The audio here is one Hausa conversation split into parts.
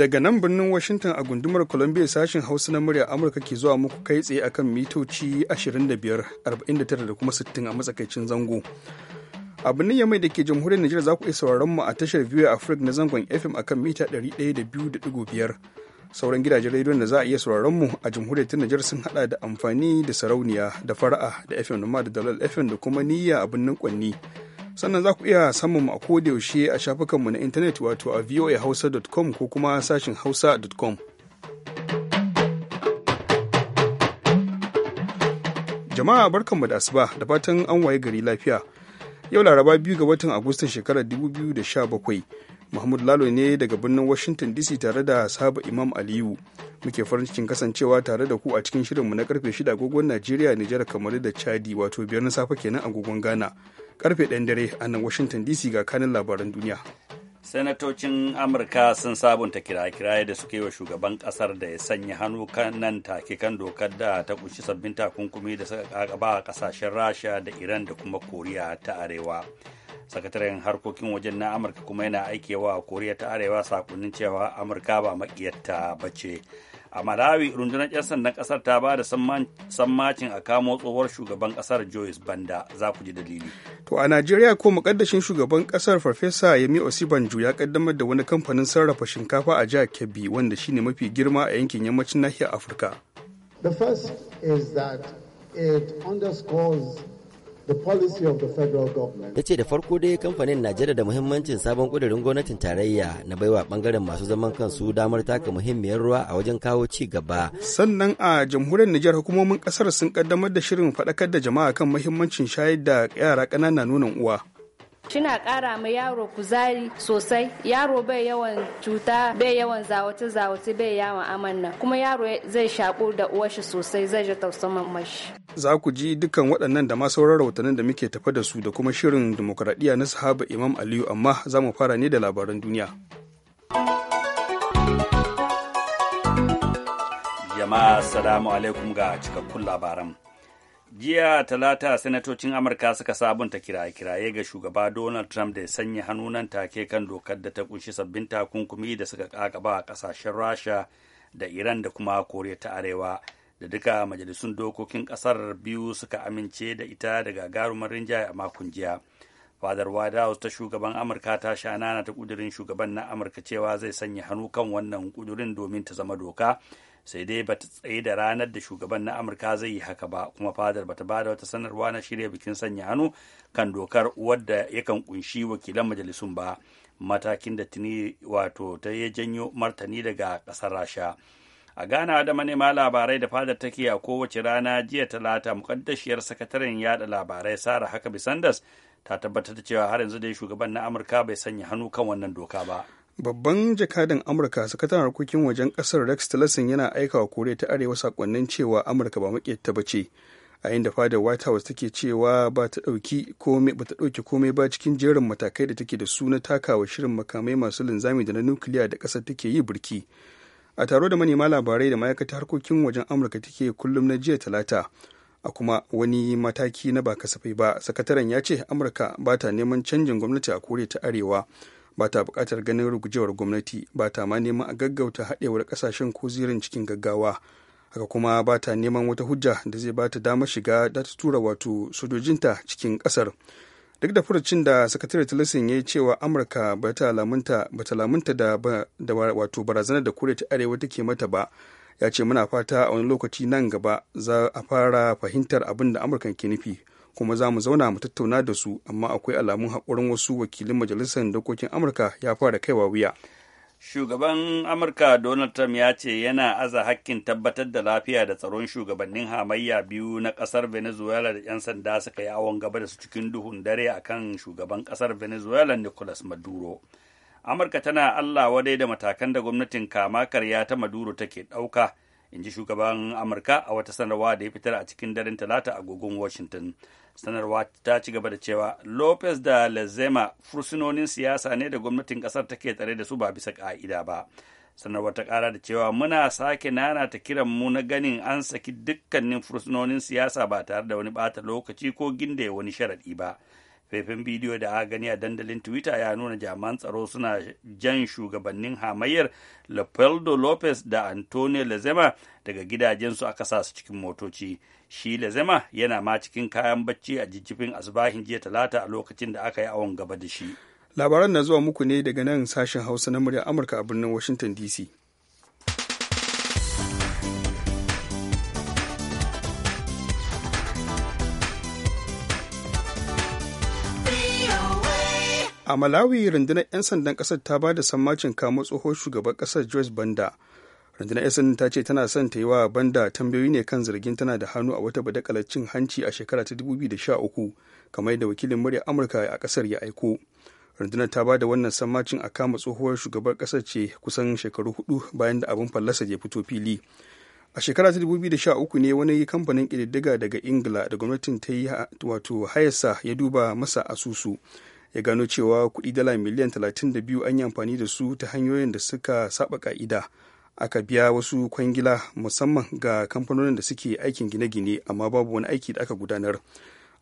daga nan birnin Washington a gundumar Columbia sashen Hausa na murya Amurka ke zuwa muku kai tsaye akan mitoci 25, 49 da kuma 60 a matsakaicin zango. A birnin Yamai da ke jamhuriyar nigeria za ku iya sauraron mu a tashar a Africa na zangon FM akan mita 102.5. Sauran gidajen rediyon da za a iya sauraron mu a jamhuriyar ta Nijar sun hada da amfani da sarauniya da fara'a da FM da da dalal FM da kuma niyya a birnin Kwanni. sannan za ku iya samun mu a yaushe a shafukanmu na intanet wato a voahausa.com ko kuma sashin hausa.com jama'a barkanmu da asuba da fatan an waye gari lafiya yau laraba biyu ga watan agustan shekarar 2017 mahmud lalo ne daga birnin washington dc tare da sabu imam aliyu muke farin cikin kasancewa tare da ku a cikin shirinmu na karfe 6 agogon najeriya nijar kamar da chadi wato biyar na safe kenan agogon ghana karfe ɗan dare a nan washington dc ga kanin labaran duniya sanatocin amurka sun sabunta kira-kiraye da suka yi wa shugaban kasar da ya sanya hannu kan nan take kan dokar da ta kunshi sabbin takunkumi da suka ba a kasashen rasha da iran da kuma koriya ta arewa sakataren harkokin wajen na amurka kuma yana aikewa koriya ta arewa sakonnin cewa amurka ba makiyarta ba ce a malawi rundunar 'yan sandan kasar ta ba da sammacin a kamo tsohuwar shugaban kasar joyce banda za ku ji dalili to a najeriya ko mukaddashin shugaban kasar farfesa yemi osibanju ya kaddamar da wani kamfanin sarrafa shinkafa a jihar kebbi wanda shine mafi girma a yankin yammacin nahiyar afirka the first is that it underscores Ta ce da farko dai kamfanin na da muhimmancin sabon kudirin gwamnatin tarayya na baiwa bangaren masu zaman kansu damar taka muhimmiyar ruwa a wajen kawo ci gaba. Sannan a jamhuriyar Nijar hukumomin kasar sun kaddamar da shirin faɗakar da jama'a kan muhimmancin shayar da yara ƙanana nonon uwa. Shina kara ma yaro kuzari sosai. Yaro bai yawan cuta, bai yawan zawace zawace bai yawan amanna Kuma yaro zai shaƙo da uwarshi sosai zai ji tausaman mashi. Za ku ji dukkan waɗannan da ma sauran rahotannin da muke tafa da su da kuma shirin dimokuraɗiyya na sahaba Imam Aliyu amma za mu fara ne da labaran duniya. Jama'a salamu alaikum ga cikakkun labaran. jiya talata sanatocin amurka suka sabunta kiraye-kiraye ga shugaba donald trump da ya sanya hannunan take kan dokar da ta kunshi sabbin takunkumi da suka kakaba a kasashen rasha da iran da kuma koriya ta arewa da duka majalisun dokokin kasar biyu suka amince da ita da gagarumar rinjaye a makon jiya fadar white house ta shugaban amurka ta sha nana ta kudurin shugaban na amurka cewa zai sanya hannu kan wannan kudurin domin ta zama doka sai dai bata tsaye da ranar da shugaban na amurka zai yi haka ba kuma fadar bata ba da wata sanarwa na shirya bikin sanya hannu kan dokar wadda yakan kunshi wakilan majalisun ba matakin da tuni wato ta ya janyo martani daga kasar rasha a ghana da manema labarai da fadar take a kowace rana jiya talata mukaddashiyar sakataren yada labarai sara haka sanders ta tabbatar da cewa har yanzu dai shugaban na amurka bai sanya hannu kan wannan doka ba babban jakadan amurka sakataren harkokin wajen kasar rex tillerson yana aika wa koriya ta arewa sakonnin cewa amurka ba makiyarta ba ce a inda fadar white house take cewa ba ta ɗauki komai ba ta ɗauki komai ba cikin jerin matakai da take da su na takawa shirin makamai masu linzami da na nukiliya da ƙasar take yi birki a taro da manema labarai da ma'aikatar harkokin wajen amurka take kullum na jiya talata a kuma wani mataki na ba kasafai ba sakataren ya ce amurka ba ta neman canjin gwamnati a koriya ta arewa ba ta buƙatar ganin rugujewar gwamnati ba ta ma neman a gaggauta haɗewar ƙasashen ko zirin cikin gaggawa haka kuma ba ta neman wata hujja da zai ba ta damar shiga da ta tura wato sojojinta cikin ƙasar duk da furucin da sakatare tillerson ya yi cewa amurka ba ta lamunta ba ta lamunta da, wato barazanar da kure ta arewa take mata ba ya ce muna fata a wani lokaci nan gaba za a fara fahimtar abin da amurka ke nufi kuma za mu zauna mu tattauna da su amma akwai alamun haƙurin wasu wakilin majalisar dokokin amurka ya fara kaiwa wuya shugaban amurka donald trump ya ce yana aza hakkin tabbatar da lafiya da tsaron shugabannin hamayya biyu na kasar venezuela da 'yan sanda suka yi awon gaba da su cikin duhun dare akan shugaban kasar venezuela nicolas maduro amurka tana allah wadai da matakan da gwamnatin kama karya ta maduro take ɗauka in ji shugaban amurka a wata sanarwa da ya fitar a cikin daren talata a gogon washington sanarwa ta ci gaba da cewa lopez da lazema fursunonin siyasa ne da gwamnatin kasar take tsare da su ba bisa ka'ida ba sanarwa ta kara da cewa muna sake nana ta kiran mu na ganin an saki dukkanin fursunonin siyasa ba tare da wani bata lokaci ko ginda wani sharaɗi ba faifin bidiyo da a gani a dandalin twitter ya nuna jaman tsaro suna jan shugabannin hamayyar leopoldo lopez da antonio lazema daga gidajensu a sa su cikin motoci shi lazema yana ma cikin kayan bacci a jijjifin asibahin jiya talata a lokacin da aka yi awon gaba da shi labaran na zuwa muku ne daga nan sashen hausa na murya amurka a birnin washington dc a malawi rundunar 'yan sandan kasar ta ba da sammacin kama tsohon shugaban kasar joyce banda rundunar 'yan sandan ta ce tana son ta yi wa banda tambayoyi ne kan zargin tana da hannu a wata badakalar cin hanci a shekara ta 2013 kamar da wakilin murya amurka a kasar ya aiko rundunar ta ba da wannan sammacin a kama tsohuwar shugabar kasar ce kusan shekaru hudu bayan da abin fallasa ya fito fili a shekara ta 2013 ne wani kamfanin ƙididdiga daga ingila da gwamnatin ta yi wato hayasa ya duba masa asusu ya gano cewa kuɗi dala miliyan 32 an yi amfani da su ta hanyoyin da suka saba ka'ida aka biya wasu kwangila musamman ga kamfanonin da suke aikin gine-gine amma babu wani aiki da aka gudanar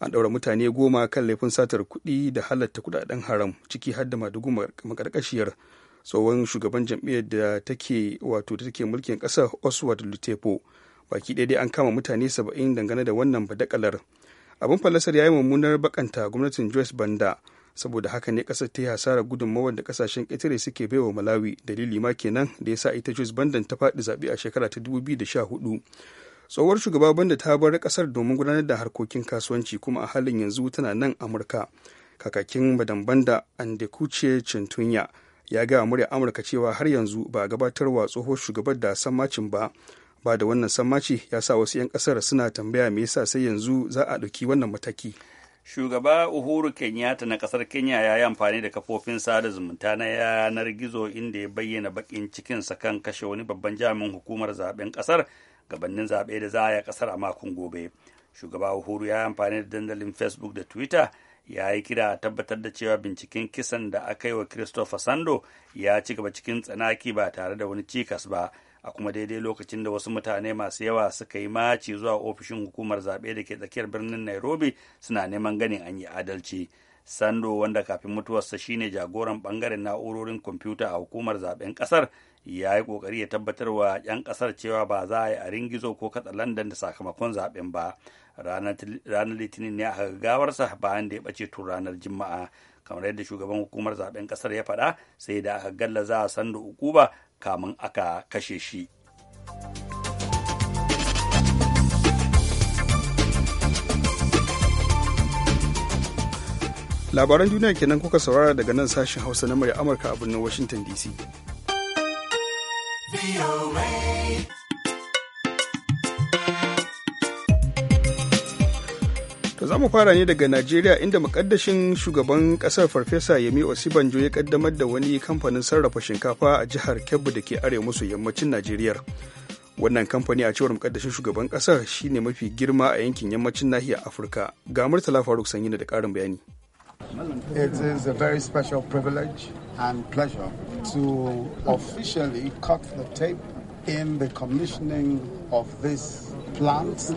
an ɗaura mutane goma kan laifin satar kuɗi da halatta kuɗaɗen haram ciki har da madugu makarkashiyar tsohon shugaban jam'iyyar da take wato da take mulkin ƙasa oswald lutepo baki ɗaya dai an kama mutane saba'in dangane da wannan badakalar abin falasar ya yi mummunar bakanta gwamnatin joyce banda saboda haka ne kasar ta yi hasarar gudunmawar da kasashen ƙetare suke bai wa malawi dalili ma kenan da ya sa ita jos bandan ta faɗi zaɓe a shekara ta 2014 tsohuwar shugaba banda ta bar kasar domin gudanar da harkokin kasuwanci kuma a halin yanzu tana nan amurka kakakin badan banda andekuce cintunya ya gaya murya amurka cewa har yanzu ba gabatarwa tsohuwar shugabar da sammacin ba ba da wannan sammaci ya sa wasu 'yan kasar suna tambaya me yasa sai yanzu za a ɗauki wannan mataki shugaba uhuru kenyatta na ƙasar kenya ya yi amfani da kafofin sada zumunta na yanar gizo inda ya bayyana bakin cikinsa kan kashe wani babban jami'in hukumar zaben kasar gabanin zaɓe da za a yi ƙasar a makon gobe shugaba uhuru ya yi amfani da dandalin facebook da twitter ya yi kira a tabbatar da cewa binciken kisan da aka yi wa christopher sando ya ci gaba cikin tsanaki ba tare da wani cikas ba a kuma daidai lokacin da wasu mutane masu yawa suka yi maci zuwa ofishin hukumar zaɓe da ke tsakiyar birnin nairobi suna neman ganin an yi adalci sando wanda kafin mutuwarsa shine jagoran ɓangaren na'urorin kwamfuta a hukumar zaɓen ƙasar ya yi kokari ya tabbatar wa 'yan ƙasar cewa ba za a yi a ringizo ko katsa london da sakamakon zaben ba ranar litinin ne a gawarsa bayan da ya ɓace tun ranar juma'a kamar yadda shugaban hukumar zaɓen ƙasar ya faɗa sai da aka za a sando ukuba kamun aka kashe shi labaran duniya kenan kuka saurara daga nan sashen hausa na murya amurka a birnin washington dc za mu fara ne daga najeriya inda makaddashin shugaban kasar farfesa yemi osibanjo ya kaddamar da wani kamfanin sarrafa shinkafa a jihar kebbi da ke arewa maso yammacin najeriya wannan kamfani a cewar makaddashin shugaban kasar shine mafi girma a yankin yammacin nahiyar afirka ga murtala faruk sanyi da karin bayani It is a very special privilege and pleasure to officially cut the tape in the commissioning of this plant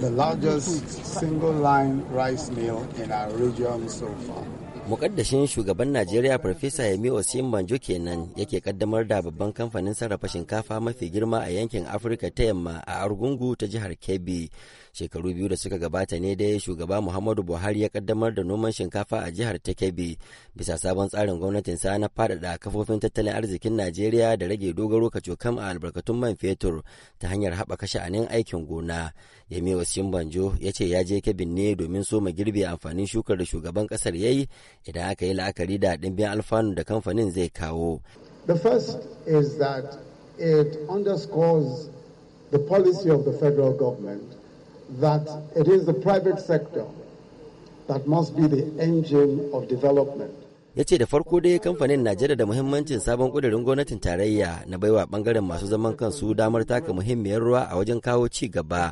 the largest single-line rice mill in our region so far. Mukaddashin shugaban Najeriya Farfesa Yemi Osim Banjo kenan yake kaddamar da babban kamfanin sarrafa shinkafa mafi girma a yankin Afirka ta yamma a Argungu ta jihar Kebbi. shekaru biyu da suka gabata ne dai shugaba muhammadu buhari ya kaddamar da noman shinkafa a jihar ta kebbi bisa sabon tsarin gwamnatin sa na faɗaɗa kafofin tattalin arzikin najeriya da rage dogaro kam a albarkatun man fetur ta hanyar haɓaka sha'anin aikin gona yami wasim banjo ya ce ya je kebin ne domin soma girbe amfanin shukar da shugaban ƙasar ya yi idan aka yi la'akari da ɗimbin alfanu da kamfanin zai kawo The first is that it underscores the policy of the federal government that it is the private sector that must be the engine of development. ya ce da farko dai kamfanin na da muhimmancin sabon kudirin gwamnatin tarayya na baiwa bangaren masu zaman kansu damar taka muhimmiyar ruwa a wajen kawo ci gaba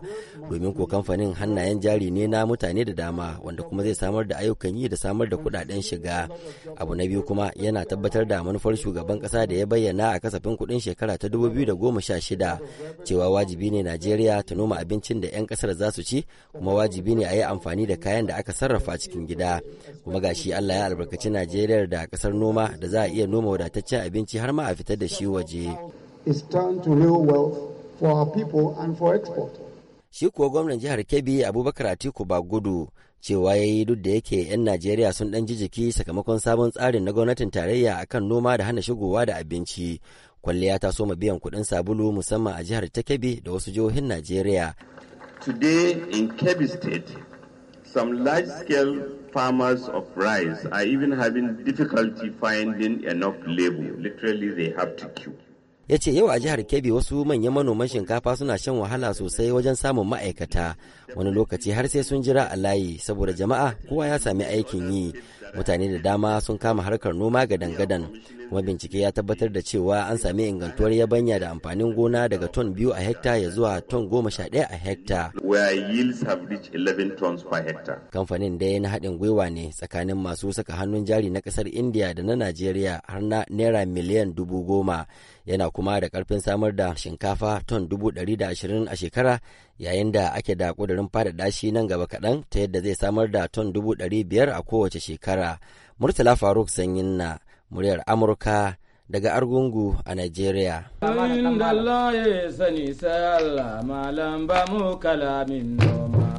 domin ko kamfanin hannayen jari ne na mutane da dama wanda kuma zai samar da ayyukan yi da samar da kudaden shiga abu na biyu kuma yana tabbatar da manufar shugaban kasa da ya bayyana a kasafin kudin shekara ta 2016 cewa wajibi ne najeriya ta noma abincin da 'yan kasar za su ci kuma wajibi ne a yi amfani da kayan da aka sarrafa cikin gida kuma gashi allah ya albarkaci najeriya Najeriya da kasar noma da za a iya noma wadataccen abinci har ma a fitar da shi waje. Shi kuwa gwamnan jihar Kebbi Abubakar Atiku ba gudu cewa ya yi duk da yake 'yan Najeriya sun ɗan ji jiki sakamakon sabon tsarin na gwamnatin tarayya akan noma da hana shigowa da abinci. Kwalliya ta soma biyan kuɗin sabulu musamman a jihar ta Kebbi da wasu jihohin Najeriya. Today in Kebbi State, Some large-scale farmers of rice are even having difficulty finding enough labor. Literally, they have to queue. ya ce yau a jihar kebbi wasu manyan manoman shinkafa suna shan wahala sosai wajen samun ma'aikata wani lokaci har sai sun jira a layi saboda jama'a kowa ya sami aikin yi mutane da dama sun kama harkar noma gadan-gadan kuma bincike ya tabbatar da cewa an sami ingantuwar yabanya da amfanin gona daga ton biyu a hekta ya zuwa ton goma sha ɗaya a hekta. kamfanin dai na haɗin gwiwa ne tsakanin masu saka hannun jari na ƙasar indiya da na najeriya har na naira miliyan dubu goma yana kuma da karfin samar da shinkafa ton dubu da ashirin a shekara yayin da ake da kudurin fada shi nan gaba kaɗan ta yadda zai samar da ton biyar a kowace shekara. Murtala Faruk Sanyin na muryar Amurka daga Argungu a nigeria. Allah kalamin noma.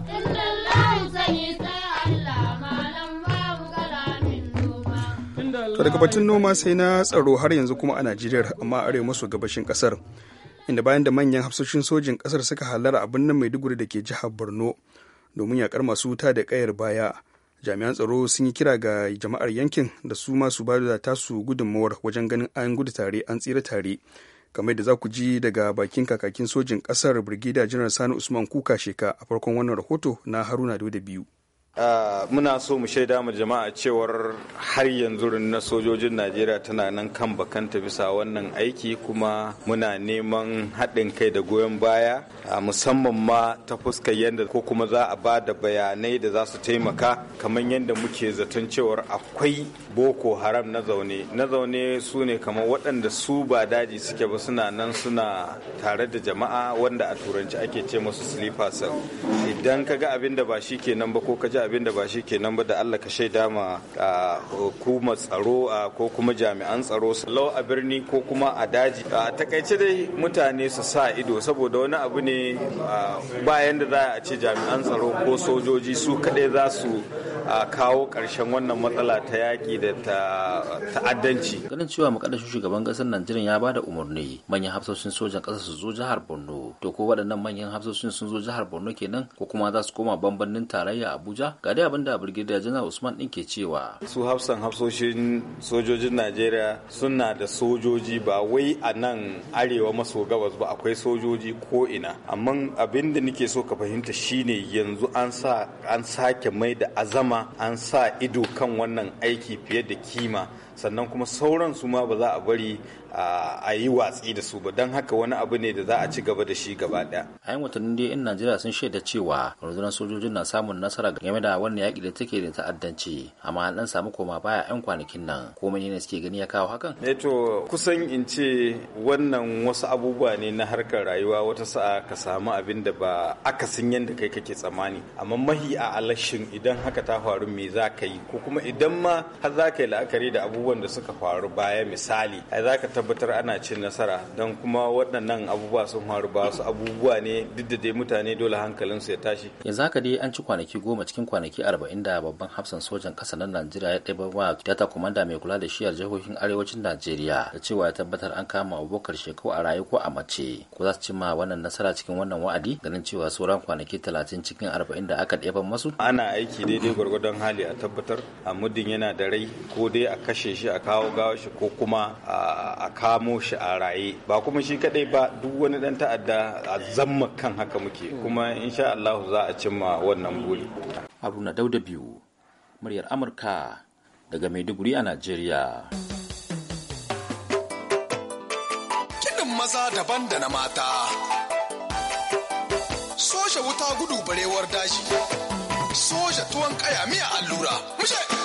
to daga batun noma sai na tsaro har yanzu kuma a najeriya amma arewa maso gabashin kasar inda bayan da manyan hafsoshin sojin kasar suka halara a birnin maiduguri da ke jihar borno domin yakar masu wuta da kayar baya jami'an tsaro sun yi kira ga jama'ar yankin da su masu ba da tasu gudunmawar wajen ganin an gudu tare an tsira tare kamar da za ku ji daga bakin kakakin sojin kasar birgida jiran sani usman kuka sheka a farkon wannan rahoto na haruna da biyu Ah, muna so mu shaida mu jama'a cewar har yanzu na sojojin najeriya tana nan kan bakanta bisa wannan aiki kuma muna neman haɗin kai da goyon baya ah, musamman ma ta fuska yadda ko kuma za a ba da bayanai da za su taimaka kamar yadda muke zaton cewar akwai boko haram na zaune na zaune su ne kamar waɗanda su ba daji suke ba suna nan suna tare da jama'a wanda a turanci ake ce musu sleeper cell idan ka ga abin da ba shi ke nan ba ko ka ji abin da ba shi kenan ba da Allah ka shaida ma hukumar tsaro ko kuma jami'an tsaro lau a birni ko kuma a daji a takaice dai mutane su sa ido saboda wani abu ne bayan da za a ce jami'an tsaro ko sojoji su kaɗai za su kawo ƙarshen wannan matsala ta yaƙi da ta'addanci. Ganin cewa makadashin shugaban ƙasar Najeriya ya bada umarni manyan hafsoshin sojan ƙasa su zo jihar Borno. To ko waɗannan manyan hafsoshin sun zo jihar Borno kenan ko kuma za su koma bambanin tarayya Abuja? ga dai abin da Brigadier Usman din ke cewa su hafsan hafsoshin sojojin Najeriya suna da sojoji ba wai a nan arewa maso gabas ba akwai sojoji ko ina amma abin da nake so ka fahimta shine yanzu an sa an sake mai da azama an sa ido kan wannan aiki fiye da kima sannan kuma sauran su ma ba za a bari a yi watsi da su ba don haka wani abu ne da za a ci gaba da shi gaba daya a yan watannin dai yan najeriya sun shaida cewa rundunar sojojin na samun nasara game da wannan yaƙi da take da ta'addanci amma an dan samu koma baya yan kwanakin nan ko ne suke gani ya kawo hakan eh to kusan in ce wannan wasu abubuwa ne na harkar rayuwa wata sa'a ka samu abin da ba aka akasin yadda kai kake tsammani amma mahi a alashin idan haka ta faru me za ka yi ko kuma idan ma har za ka yi la'akari da abubuwa abubuwan da suka faru baya misali ai za ka tabbatar ana cin nasara don kuma waɗannan abubuwa sun faru ba su abubuwa ne duk da dai mutane dole hankalinsu ya tashi yanzu haka dai an ci kwanaki goma cikin kwanaki arba'in da babban hafsan sojan ƙasa na najeriya ya ɗaya wa data komanda mai kula da shiyar jihohin arewacin najeriya da cewa ya tabbatar an kama abubakar shekau a raye ko a mace ko za su cimma wannan nasara cikin wannan wa'adi ganin cewa sauran kwanaki talatin cikin arba'in da aka ɗaya masu ana aiki daidai gwargwadon hali a tabbatar a muddin yana da rai ko dai a kashe shi a kawo gawa shi ko kuma a kamo shi a raye ba kuma shi kadai ba duk wani dan ta'adda a zamma kan haka muke kuma insha Allah za a cimma wannan buri Haruna Dauda biyu muryar Amurka daga Maiduguri a Najeriya Kinin maza daban da na mata Soja wuta gudu barewar dashi Soja tuwon kaya miya allura mushe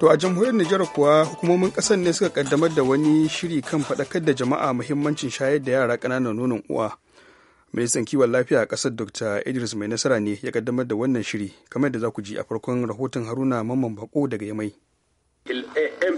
To a jamhuriyar Nijar kuwa hukumomin kasar ne suka kaddamar da wani shiri kan faɗakar da jama'a muhimmancin shayar da yara kananan nonon uwa. Ministan kiwon lafiya a ƙasar Dr. Idris Mai Nasara ne ya kaddamar da wannan shiri kamar da za ku ji a farkon rahoton Haruna Mamman Bako daga Yamai.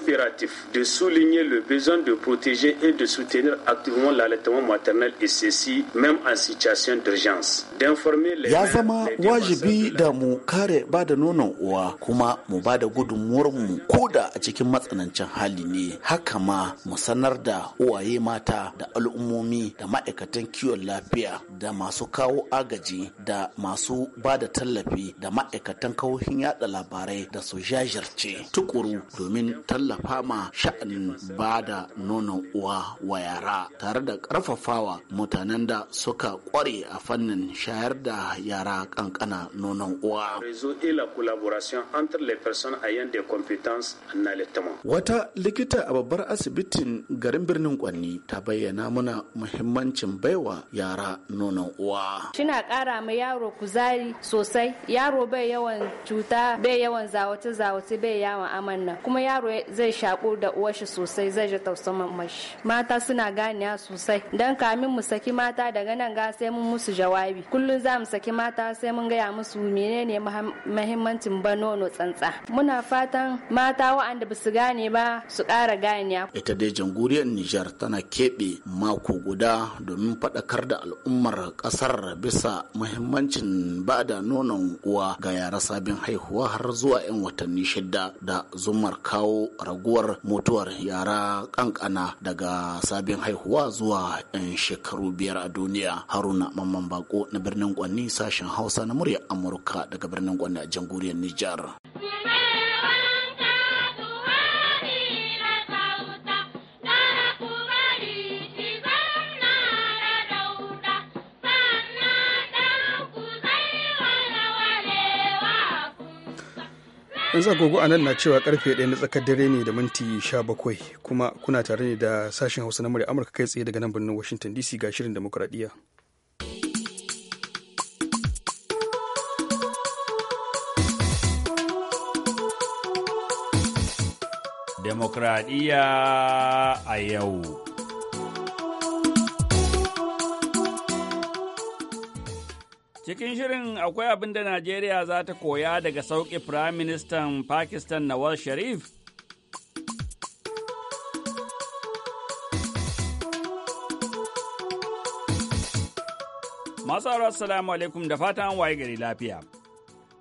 impératif de souligner le besoin de protéger et de soutenir activement l'allaitement maternel et ceci même en situation d'urgence. D'informer les Ya zama wajibi da mu kare ba da nonon uwa kuma mu ba da gudunmuwar mu koda a cikin matsanancin hali ne. Haka ma mu sanar da uwaye mata da al'ummomi da ma'aikatan kiwon lafiya da masu kawo agaji da masu ba da tallafi da ma'aikatan kawohin yada labarai da su jajirce tukuru domin tallafa Fama sha'anin ba da nonon uwa wa yara tare da karfafawa mutanen da suka kware a fannin shayar da yara kankana nonon uwa. Wata likita a babbar asibitin garin birnin Kwanni ta bayyana muna muhimmancin baiwa yara nonon uwa. Shina kara ma yaro kuzari sosai, yaro bai yawan cuta, bai yawan zawace-zawace, bai yawan amanna, kuma yaro zai zai shaƙu da uwarshi sosai zai ji mashi mata suna ganiya sosai dan kamin mu saki mata daga nan ga sai mun musu jawabi kullum za mu saki mata sai mun gaya musu menene mahimmancin ba nono tsantsa muna fatan mata wa'anda ba su gane ba su ƙara ganiya ita dai jamhuriyar Nijar tana keɓe mako guda domin faɗakar da al'ummar ƙasar bisa mahimmancin ba da nonon uwa ga yara sabin haihuwa har zuwa 'yan watanni shidda da zumar kawo raguwar mutuwar yara kankana daga sabin haihuwa zuwa 'yan shekaru biyar a duniya haruna mamman bako na birnin kwanni sashen hausa na murya amurka daga birnin kwanni a jamhuriyar nijar yanzu agogo a nan na cewa karfe ɗaya na tsakar dare ne da minti sha bakwai kuma kuna tare ne da sashen hausa na murya amurka kai tsaye daga nan birnin washington dc ga shirin demokuraɗiyya demokradiyya a yau. Cikin shirin akwai abin da Najeriya za ta koya daga sauƙi Firaministan Pakistan Nawaz Sharif. Masu assalamu alaikum da fatan waye gari lafiya.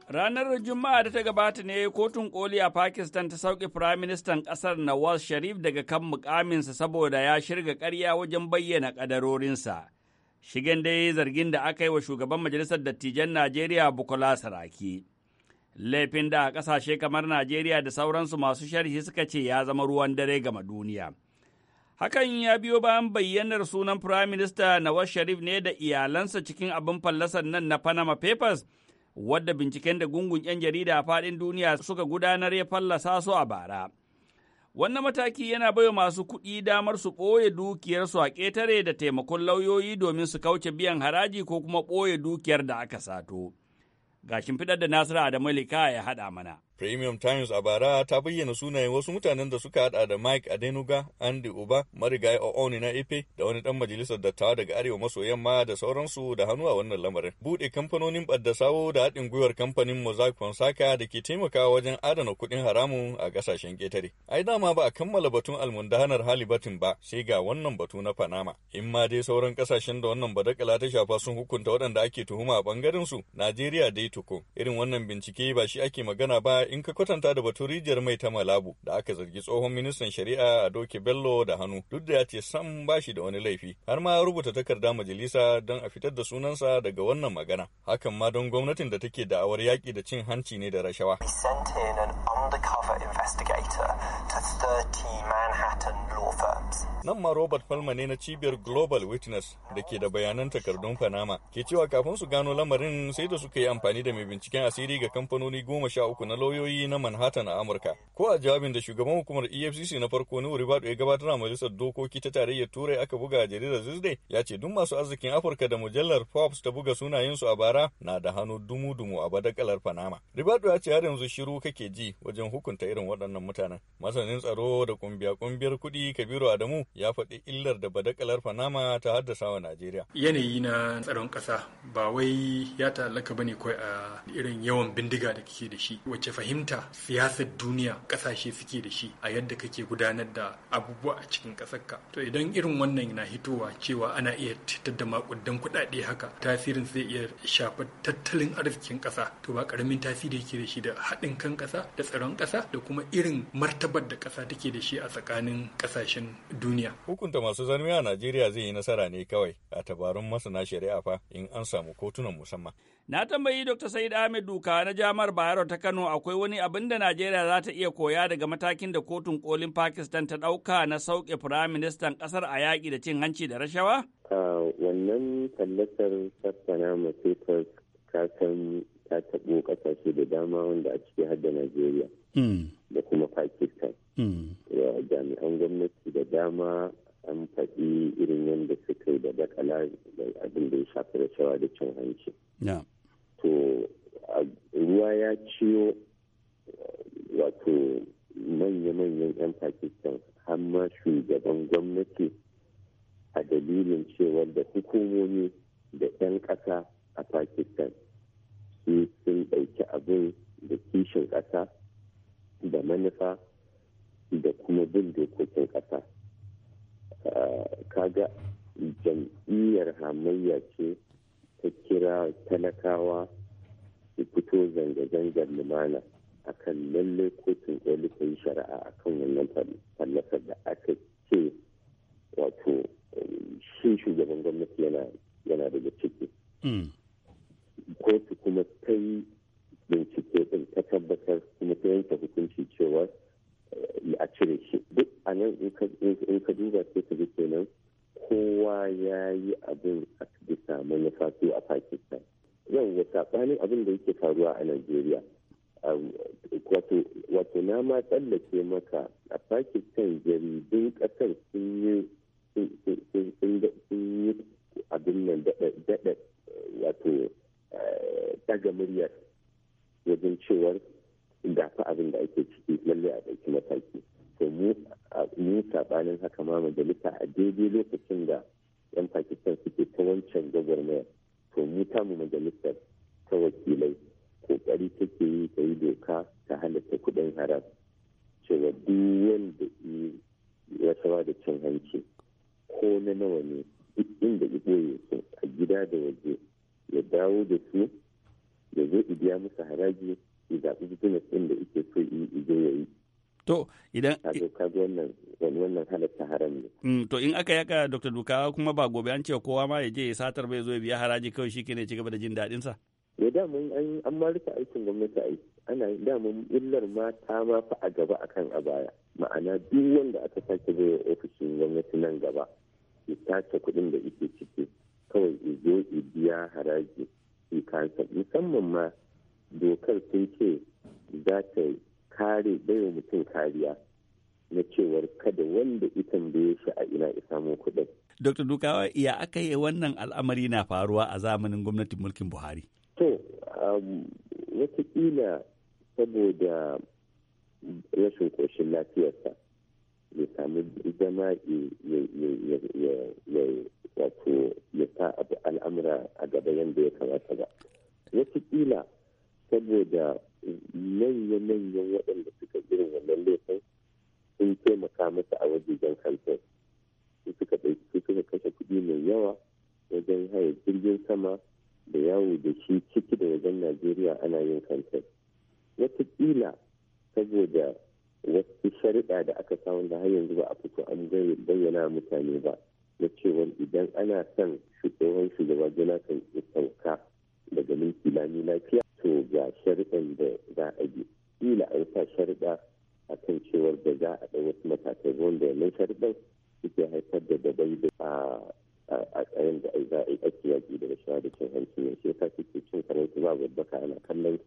Ranar Juma'a da ta gabata ne kotun koli a Pakistan ta sauƙi Firaministan ƙasar Nawaz Sharif daga kan mukaminsa saboda ya shirga ƙarya wajen bayyana ƙadarorinsa. shigen dai zargin da aka yi wa shugaban majalisar dattijan Najeriya Bukola Saraki. Laifin da a ƙasashe kamar Najeriya da sauransu masu sharhi suka ce ya zama ruwan dare gama duniya. Hakan ya biyo bayan bayyanar sunan Firaminista Nawaz Sharif ne da iyalansa cikin abin fallasar nan na Panama Papers, wadda binciken da gungun 'yan jarida a faɗin duniya suka gudanar ya fallasa su a bara. Wannan mataki yana baiwa masu kuɗi damar su ɓoye dukiyarsu a ƙetare da taimakon lauyoyi domin su kauce biyan haraji ko kuma ɓoye dukiyar da aka sato. Ga shimfiɗar da Nasiru Adamu Lika ya haɗa mana. Premium Times a bara ta bayyana sunayen wasu mutanen da suka hada da Mike Adenuga, Andy Uba, Marigayi O'Oni na Efe da wani dan majalisar dattawa daga Arewa maso yamma da sauransu da hannu a wannan lamarin. Bude kamfanonin sawo da haɗin gwiwar kamfanin Mozak Fonseca da ke taimakawa wajen adana kuɗin haramun a ƙasashen ƙetare. Ai dama ba a kammala batun almundahanar hali halibatin ba sai ga wannan batu na Panama. In ma dai sauran ƙasashen da wannan badakala ta shafa sun hukunta waɗanda ake tuhuma a bangaren su, Najeriya dai tuko. Irin wannan bincike ba shi ake magana ba in ka kwatanta da batun rijiyar mai ta Malabu da aka zargi tsohon ministan shari'a a Doke Bello da hannu duk da ya ce sam ba shi da wani laifi har ma rubuta takarda majalisa don a fitar da sunansa daga wannan magana hakan ma don gwamnatin da take da'awar yaƙi da cin hanci ne da rashawa. Nan ma Robert Palmer ne na cibiyar Global Witness da ke da bayanan takardun Panama ke cewa kafin su gano lamarin sai da suka yi amfani da mai binciken asiri ga kamfanoni goma sha uku na lauyoyi lauyoyi na Manhattan a Amurka. Ko a jawabin da shugaban hukumar EFCC na farko Nuhu Ribadu ya gabatar a majalisar dokoki ta tarayyar Turai aka buga a jaridar Tuesday ya ce duk masu arzikin Afirka da mujallar Forbes ta buga sunayensu a bara na da hannu dumu-dumu a badakalar Panama. Ribadu ya ce har yanzu shiru kake ji wajen hukunta irin waɗannan mutanen. Masanin tsaro da kumbiya-kumbiyar kuɗi Kabiru Adamu ya faɗi illar da badakalar Panama ta haddasa wa Najeriya. Yanayi na tsaron ƙasa ba wai ya ta'allaka bane kawai a irin yawan bindiga da kike da shi wacce fahimta siyasar duniya kasashe suke da shi a yadda kake gudanar da abubuwa a cikin ƙasarka to idan irin wannan na hitowa cewa ana iya fitar da makudan kuɗaɗe haka tasirin zai iya shafar tattalin arzikin ƙasa to ba ƙaramin tasiri yake da shi da haɗin kan ƙasa da tsaron ƙasa da kuma irin martabar da ƙasa take da shi a tsakanin ƙasashen duniya hukunta masu zanuya a Najeriya zai yi nasara ne kawai a tabarun masana shari'a fa in an samu kotunan musamman Na tambayi Dr. Said Ahmed Duka na Jamar Bayero ta Kano akwai wani abin da Najeriya za ta iya koya daga matakin da kotun kolin Pakistan ta ɗauka na sauke firaministan ƙasar a yaƙi da cin hanci da rashawa? Wannan tallatar Panama Papers ka san ta taɓo ƙasashe da dama wanda a ciki har da Najeriya hmm. da kuma Pakistan. Hmm. Jami'an gwamnati da dama an faɗi irin yadda suka yi da dakala da abin da ya shafi rashawa da cin hanci. to ruwa ya ciyo wato manya-manyan 'yan pakistan har ma shugaban gwamnati a dalilin cewa da hukumomi da 'yan ƙasa a pakistan su sun ɗauki abin da kishin ƙasa da manufa da kuma bin dokokin ƙasa kaga jam'iyyar hamayya ce ta kira talakawa su fito zanga-zangar lumana a kan lalle kotun koli ta yi shari'a a kan wannan fallasar da aka ce wato shi shugaban gwamnati yana daga ciki hmm. kotu kuma ta yi bincike din ta tabbatar kuma ta yanke hukunci cewa eh, a cire shi duk a nan in ka duba sai ka ji kenan kowa ya yi abin saɓanin abin da yake faruwa a najeriya wato na ma tsallake maka a pakistan jaridun ƙasar sun yi abin nan daɗa wato daga eh, muryar wajen cewar da fa abin da ake ciki lalle a ɗauki mataki to mu saɓanin haka ma majalisa a daidai lokacin da dalilai kokari take yi ta yi doka ta halatta kudin haram cewa duk wanda ya saba da cin hanci ko na nawa ne duk inda iboye su a gida da waje ya dawo da su ya zo biya musu haraji ya zaɓi business ɗin da ike so yi ido ya yi To idan wannan halatta haram ne. Mm, to in aka yaka Dr. Dukawa kuma ba gobe an ce kowa ma ya je ya satar bai zo ya biya haraji kawai shi ne ci gaba da jin daɗinsa? sa. ya eh, damun an an marika aikin gwamnati aiki ana damun illar mata ma fa a gaba akan a baya ma'ana duk wanda aka sake zai ofishin gwamnati nan gaba ya tace kuɗin da ike ciki kawai ya zo ya biya haraji ya kansa musamman ma dokar sun ce za ta kare baiwa mutum kariya na cewar kada wanda ita tambaye shi a ina ya samu kuɗin. Dr. Dukawa, iya aka yi wannan al'amari na faruwa a zamanin gwamnatin mulkin Buhari? to um, watakila saboda rashin koshin lafiyarsa ya sami zama wato ya sa al'amura a gaba yadda ya kamata ba watakila saboda manya-manyan waɗanda suka irin wannan laifin sun taimaka masa a wajejen kamfen su suka kashe kuɗi mai yawa wajen haya jirgin sama da yawo da shi ciki da wajen najeriya ana yin wata watakila saboda wasu shari'a da aka samu da har yanzu ba a fito an bayyana mutane ba na cewa idan ana son shugaban shugaba jonathan ya sauka daga minti lami lafiya to ga shari'an da za a bi kila an sa shari'a a kan cewar da za a ɗau wasu matakai wanda wannan shari'an suke haifar da dabai da a tsayin da za a yi ake yaƙi da rashawa da cin hanci ne shi yasa suke cin karanci ba baka ana kallon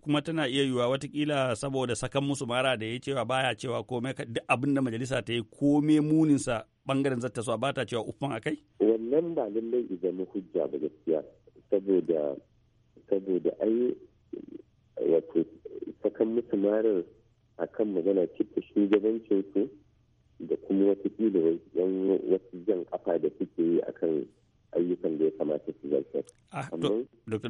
kuma tana iya yiwuwa watakila saboda sakan musu mara da ya cewa baya cewa komai duk abin da majalisa ta yi komai muninsa bangaren zata so ba ta cewa uffan akai wannan ba lallai idan hujja ba gaskiya saboda saboda ai wato sakan musu marar akan magana cikin shugabancin su da kuma yan wasu jan kafa da suke yi akan ayyukan da ya kamata su zartar. Ah, Dr.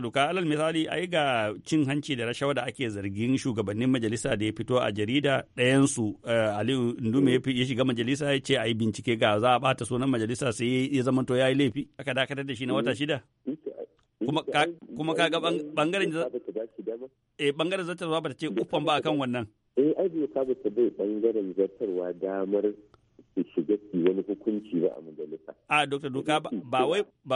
Duka alal misali ai ga cin hanci da rashawa da ake zargin shugabannin majalisa da ya fito a jarida ɗayansu eh, Aliyu Ndume ya shiga majalisa ya ce a yi bincike ga za a bata sunan majalisa sai ya zamanto ya yi laifi aka dakatar da shi na wata mm-hmm. shida. Kuma ka ga bangaren da bangaren zata ba ta ce uffan ba akan wannan. in eh, ajiye ta bai bangaren zartarwa damar su shiga su wani hukunci ba a majalisa. Ah, a Dr. Doka ba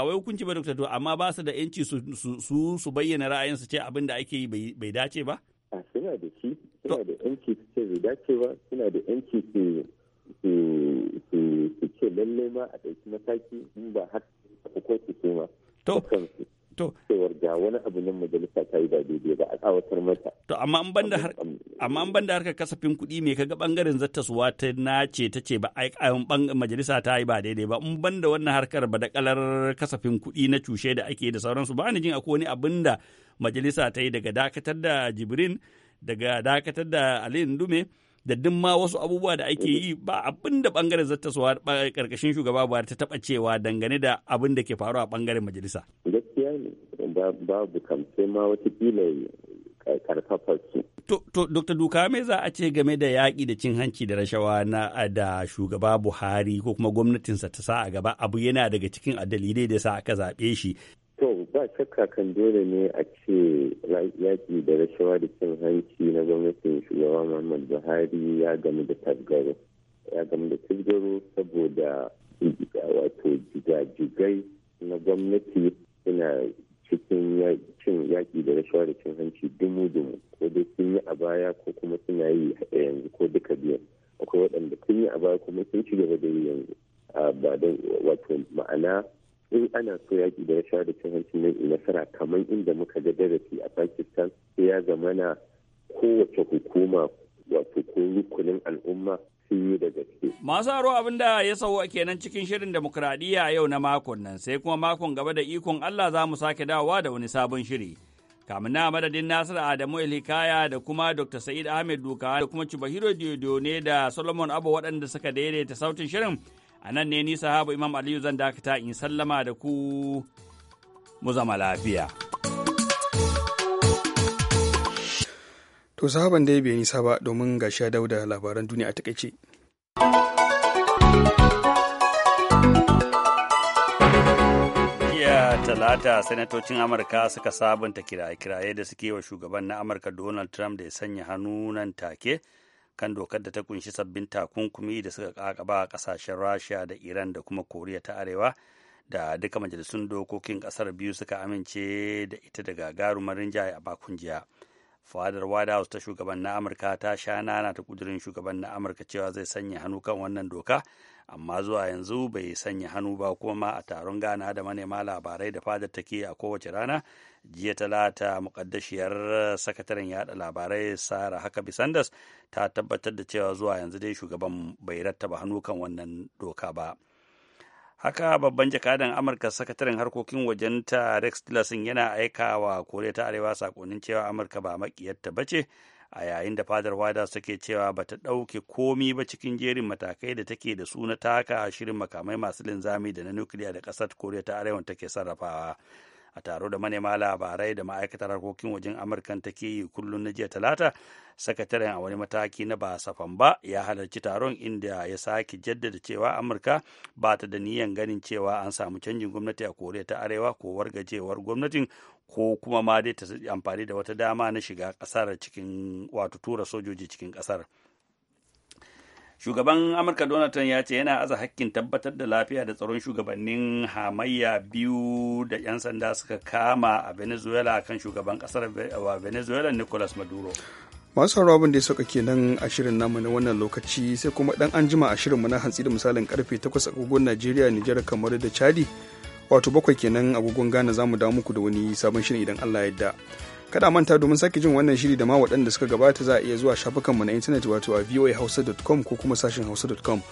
wai hukunci ba Dr. Doka amma ba su da yanci su su bayyana ra'ayinsu ce abin da ake yi bai dace ba? A suna da shi, suna da yanci su ce bai dace ba, suna da yanci su su ce lallai ma a ɗauki mataki in ba har ko su ce ma. To, To. wani abu ne majalisa ta yi ba daidai ba a tsawatar mata. To amma an banda har amma an banda harkar kasafin kuɗi me kaga bangaren suwa ta nace ta ce ba ai majalisa ta yi ba daidai ba in banda wannan harkar ba da kalar kasafin kuɗi na cushe da ake da sauransu ba ni jin akwai wani abin da majalisa ta yi daga dakatar da Jibrin daga dakatar da Aliyu Ndume. da duk ma wasu abubuwa da ake yi ba abin da bangaren zata zattasuwa karkashin shugaba Buhari ta taba cewa dangane da abin da ke faruwa a bangaren majalisa. Gaskiya ne babu kamfe ma watakila karfafa su. To, Dr. Duka me za a ce game da yaƙi da cin hanci da rashawa na da shugaba Buhari ko kuma gwamnatinsa ta sa a gaba abu yana daga cikin dalilai da sa aka zaɓe shi. ba shakka kan dole ne a ce yaƙi da rashawa da cin hanci na gwamnatin shugaba muhammad buhari ya gamu da tasgaro ya gamu da tasgaro saboda wato jigajigai na gwamnati suna cikin cin yaƙi da rashawa da cin hanci dumu-dumu ko dai sun yi a baya ko kuma suna yi a yanzu ko duka biyan akwai waɗanda sun yi a baya kuma sun ci gaba da yi yanzu ah, ba don wato ma'ana in ana so yaƙi da sha da cin hanci nan nasara kamar inda muka ga darasi a pakistan sai ya na kowace hukuma wato ko rukunin al'umma sun yi da gaske. Masu haro abin da ya sauwa kenan cikin shirin demokuraɗiyya yau na makon nan sai kuma makon gaba da ikon Allah za mu sake dawowa da wani sabon shiri. kamin na madadin Nasir Adamu Ilhikaya da kuma Dr. Sa'id Ahmed Dukawa da kuma Chubahiro Diodio ne da Solomon Abu waɗanda suka daidaita sautin shirin a nan ne ni sahabu imam aliyu zan dakata in sallama da ku mu zama lafiya to sahaban dai bai nisa ba domin ga sha dauda labaran duniya a takaice talata sanatocin amurka suka sabunta kiraye-kiraye da suke wa shugaban na amurka donald trump da ya sanya hannu nan take kan dokar da ta kunshi sabbin takunkumi da suka kakaba a kasashen rasha da iran da kuma koriya ta arewa da duka majalisun dokokin kasar biyu suka amince da ita da gagarumin rinjaye a bakun jiya. fadar white house ta shugaban na amurka ta sha nana ta kudirin shugaban na amurka cewa zai sanya hannu kan wannan doka amma zuwa yanzu bai sanya hannu ba kuma ma a taron gana da manema labarai da fadar take a kowace rana jiya talata mukaddashiyar sakataren yada labarai sara haka sanders ta tabbatar da cewa zuwa yanzu dai shugaban bai rattaba hannu kan wannan doka ba. haka babban jakadan amurka sakataren harkokin wajen ta rex tillerson yana aika wa koriya ta arewa sakonin cewa amurka ba makiyarta ba ce a yayin da fadar wada suke cewa ba ta ɗauke komi ba cikin jerin matakai da take da suna taka shirin makamai masu linzami da na nukiliya da ƙasar koriya ta arewa take sarrafawa a taro da manema labarai da ma'aikatar harkokin wajen amurkan ke yi kullum na jiya talata sakataren a wani mataki na ba ba ya halarci taron inda ya sake jaddada cewa amurka ba ta da niyan ganin cewa an samu canjin gwamnati a koriya ta arewa ko wargajewar gwamnatin ko kuma ma dai ta amfani da wata dama na shiga kasar cikin wato tura sojoji cikin kasar. shugaban amurka donatan ya ce yana aza hakkin tabbatar da lafiya da tsaron shugabannin hamayya biyu da 'yan sanda suka kama a venezuela kan shugaban kasar venezuela nicolas maduro masu abin da ya sauka kenan a shirin namu na wannan lokaci sai kuma dan an jima a shirinmu na hantsi da misalin karfe 8 agogon najeriya nijar kamar da chadi wato bakwai kenan agogon ghana za mu dawo muku da wani sabon shirin idan allah ya yadda Kada manta domin sake jin wannan shiri da ma waɗanda suka gabata za a iya zuwa shafukanmu na intanet wato a voahausa.com ko kuma sashen hausa.com.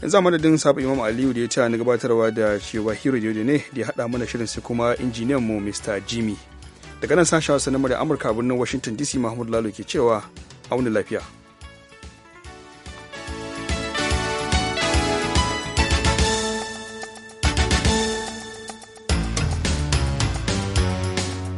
Yanzu a madadin sabon Imam Aliyu da ya ta na gabatarwa da cewa hero Hiro ne da ya haɗa mana shirin sai kuma injiniyan mu Mr. Jimmy. Daga nan sashen hausa na Amurka birnin Washington DC Mahmud Lalo ke cewa a wani lafiya.